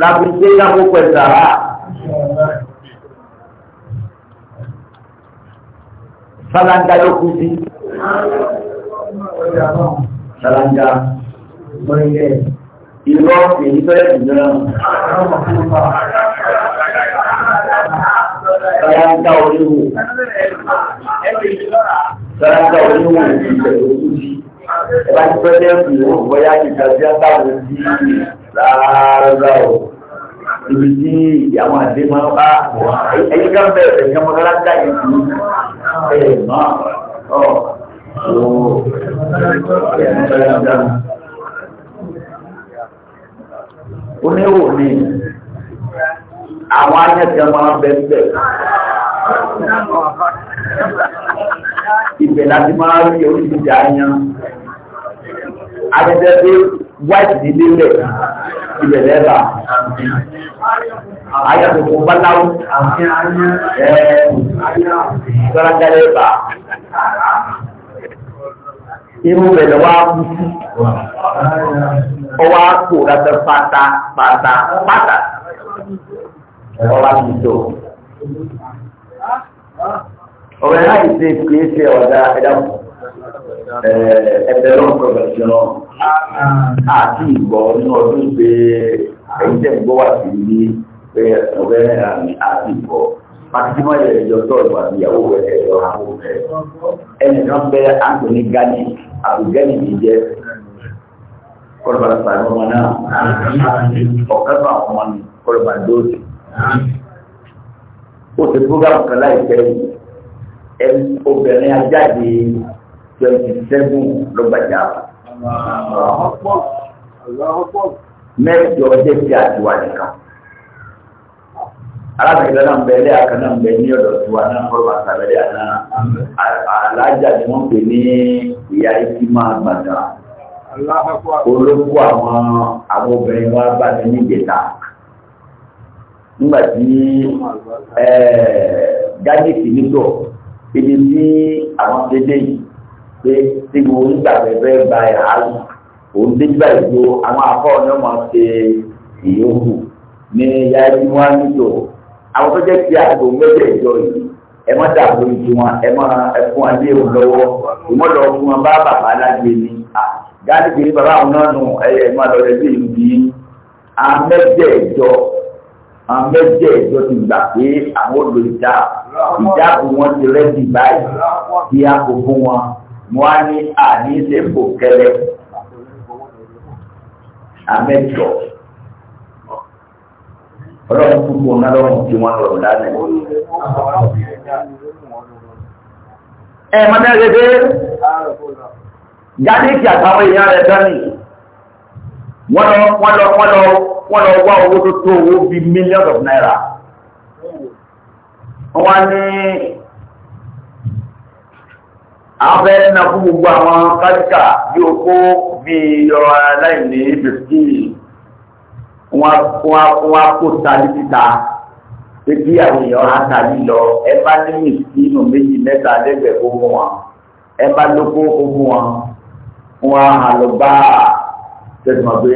lábùsẹ̀ lákòókò ẹ̀sàrà. Sálángá ló kú sí. Sálángá. Ìrọ́ èyí tó yẹ kìí náà. Sálángá oníwò. Sálángá oníwò ìbẹ̀rù ojú sí. Ẹ bá ti pẹ́ lẹ́kùn ìwọ̀n bọ́yá ìgbà tí a bá wọ́n sí rárá o ibi tí àwọn àdé máa ń bá ẹ̀yìn kan bẹ̀rẹ̀ ẹ̀yìn ọmọ alága yìí kì í ẹ̀ náà ọ̀ oníwò ni àwọn ayẹ́kẹ́ máa ń bẹ̀rẹ̀ ibẹ̀ láti máa rí oríṣiríṣi àyàn. Adẹ́dẹ́ bí white nílé rẹ̀ ilẹ̀ lẹ́bà ayé àtòkò báláwó gbọ́lájà lẹ́bà irú rẹ̀ lọ́wọ́ àbúkú ọwọ́ àpò rẹ̀ pátá pátá pátá ọwọ́ àbúkú ọ̀rẹ́ láì ṣe kìí ṣe ọ̀dà ẹ̀dá kù ẹ̀ẹ́dẹ̀ lọ́pọ̀ ìgbàjọ́ náà àti ìgbọ́ nínú ọdún pé ẹ̀yìn tẹ̀ ń gbọ́ wà sí ní pé ọ̀gbẹ́ àmì àti ìgbọ́ pàtàkìmọ̀ yẹ ẹ̀jọ́ tó ìwà ìyàwó rẹ̀ ẹ̀jọ́ àwọn ọ̀rẹ́ ẹnì kan bẹ Anthony Gani àbùgẹ́nì ti jẹ́ kọlọ̀bàlà pàdé ọmọ twenty seven ló gbàjà kù. mẹ́jọ ọjọ́ ti àtiwá nìkan alábìyẹn náà ń bẹ ẹlẹ́yà kan náà ń bẹ ní ọ̀dọ̀ tiwa náà ń kọ́ bàtà ẹlẹ́yà náà alájà ni wọ́n pè ní ìyá ikí máa gbàdá olóko àwọn àwọn obìnrin wa bá mi ní ìjẹta nígbà tí gájìkì nígbọ̀ ibi tí àwọn tẹ́lẹ̀ yìí pé tí gbogbo nígbà bẹ́ẹ̀ gba ìhàlù òun débi báyìí tó àwọn afọ náà máa ṣe ìyókù ní yáyí wọn níjọ àwọn tó jẹ́ kí àgbo mẹ́tẹ̀ẹ̀jọ yìí ẹ má dàbò ìjì wọn ẹ má ẹfún adé òun lọ́wọ́ ìmọ̀lọ́ fún wọn bá bàbá alágbé ni gáàdì kiri bàbá àwọn náà nù ẹ̀yẹ má lọ rẹ̀ sí ìlú yìí amẹ́jẹ̀ẹ̀jọ amẹ́jẹ̀ẹ̀jọ ti gbà pé àwọn olùdá ìjáàbù wọn ti rẹ́ẹ̀dì báyìí kí á kó fún wọn wọ́n á ní àní ìsèpò kẹlẹ̀ amẹ́jọ ọlọ́run púpọ̀ náà lọ́rùn tí wọ́n lọ́rùn lánàá ẹ̀ mọ́tẹ́gẹ́dẹ́ jáníkì àtàwọn èèyàn rẹ̀ dání wọ́n lọ wọ́n lọ wọ́n lọ wọ́n lọ wá owó tó tó owó bíi millions of naira wọ́n wá ní àwọn fẹ́ nà fún gbogbo àwọn káríkà bí o kó bí ọ̀rọ̀ aláìní bèbí wọn kó tàbí títa pé kí àwọn èèyàn á tàbí lọ ẹ bá ní mìsínú méjì mẹ́ta lẹ́gbẹ̀ẹ́ kó mú wọn ẹ bá lóko kó mú wọn wọn á lọ bá tẹ̀sán pé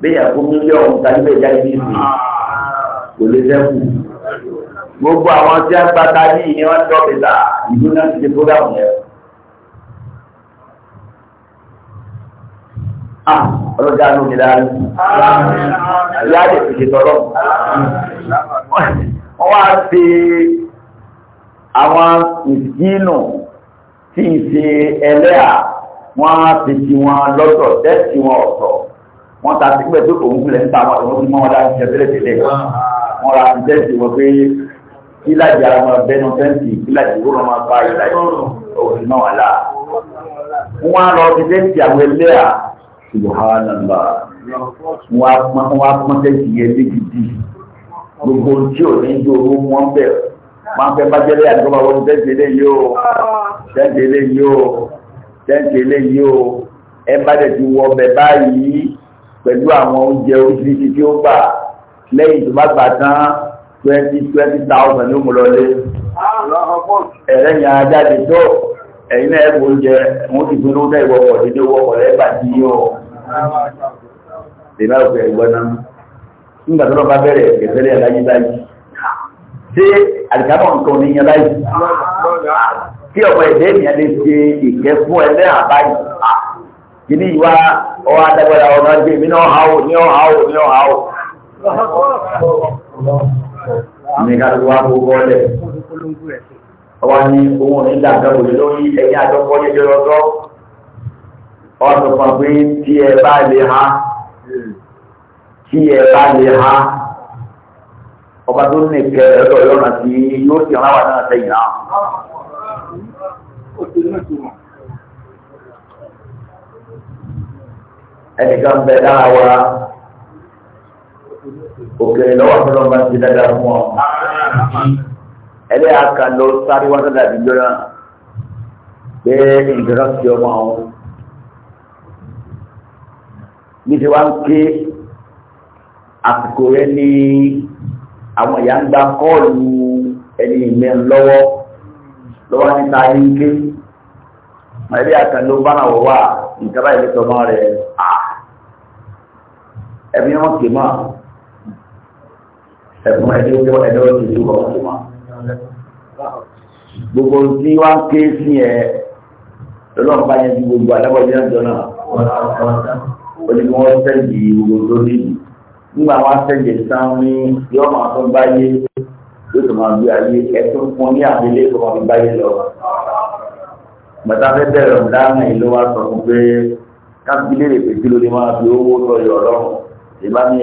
bẹ́yà kó mílíọ̀nù tàbí bẹ́ẹ̀ jáde ìsìn kò lè dẹ́kun gbogbo àwọn tí a ń gbàtà ní ìyẹn wọn ń dọ́kítà ìgbóná ti di fúlàmù yẹn. Ah, ọlọ́jà ló mi dáa lónìí. ìyá lè fi ṣètọ́rọ̀. wọ́n wá ṣe àwọn ìdínà tí ń ṣe ẹlẹ́à wọ́n á ti ti wọn lọ́tọ̀ tẹ́sí wọn ọ̀tọ̀ wọ́n ta sí pẹ̀ tó kò ń gúnlẹ̀ nípa àwọn ọ̀dọ́ tí wọ́n dá ṣe tẹ́lẹ̀ tẹ́lẹ̀ wọ́n ra ti tẹ́sí wọn pé kíláàjì àwọn ẹlẹ́à subhanallah wọ́n á pọ́n tẹ́sí yẹn lébi dì gbogbo tí ò ní ju owó wọn bẹ̀ máa fẹ́ bá jẹ́lé àgbọ̀bá wọn tẹ́sí eléyìí o tẹ́sí eléyìí o tẹ́sí eléyìí o ẹ bá dẹ̀ ti wọ ọbẹ̀ báyìí pẹ̀lú àwọn oúnjẹ oríṣiríṣi tí ó gbà lẹ́yìn tó bá gbà tán twenty twenty thousand ló mú lọlé ẹ̀rẹ́yìn ajáde tó ẹ̀yin náà ẹ̀ jẹ wọ́n ti gbé náà ìwọ́pọ̀ nínú ìwọ́pọ̀ lẹ́gbàá yóò bèbá òkè ẹ̀gbọ́n náà nígbà tó lọ́ba bẹ̀rẹ̀ ìgbẹ̀fẹ́lẹ́ àdáyé báyìí ṣé àdìkábọ̀ nǹkan ní yan báyìí kí ọ̀pọ̀ ẹ̀dẹ́ ènìyàn lè ṣe ìkẹ́ fún ẹgbẹ́ àbáyìí kìíní ìwà ọwọ́ adágbára ọ̀nà dé mí náà ha ó ní ọ̀há ó ní ọ̀há ó. ní kálukú wa kó bọ́ lẹ̀ ọwọ́ ni òun ò ní dàgbà òye lórí ẹ̀yìn àjọpọ̀ yẹjọ́ lọ́tọ́ ọdún kan pé tí ẹ bá lè ha tí ẹ bá lè ha ọba tó ní ìkẹ ẹ̀rọ ìlọ́nà tí yóò sì rán wà náà sẹ́yìn náà. ẹnìkan bẹ dára wa òkèèrè lọ́wọ́ tó lọ́ba ti dáadáa fún ọ. ẹlẹ́yà kan lọ sáré wá dáadáa bí lọ́nà pé nǹkan ti ọmọ àwọn níbi wá ń ké àsìkò rẹ ní àwọn ìyá ń gba kọ́ọ̀lù ẹni ìmẹ́rin lọ́wọ́ lọ́wọ́ níta ní ń ké mọ̀lẹ́bí àkànlò bá náà wọ̀ wá nǹkan báyìí lè tọmọ rẹ̀ à ẹ̀mí wọn kì mọ́ ẹ̀fún ẹni ó kẹ́wọ́ ẹni ti dúró wọn kì mọ́ gbogbo tí wọ́n ké sí ẹ lọ́lọ́mọba yẹn ju gbogbo àdábọ̀jẹ́ náà jọ náà ó ní kí wọ́n tẹ̀lé gbogbo lórí yìí nígbà wọn tẹ̀lé sáwọn ní yọ máa tó báyé yóò tó máa gbé ayé ẹtún fún ní àbílẹ̀ tó máa fi báyé lọ. bàtà fẹ́ bẹ̀rẹ̀ ọ̀dáàmì ló wá sọ fún pé kábílẹ̀ rẹ̀ pé ló lè máa fi owó lọ ọlọ́run ìbá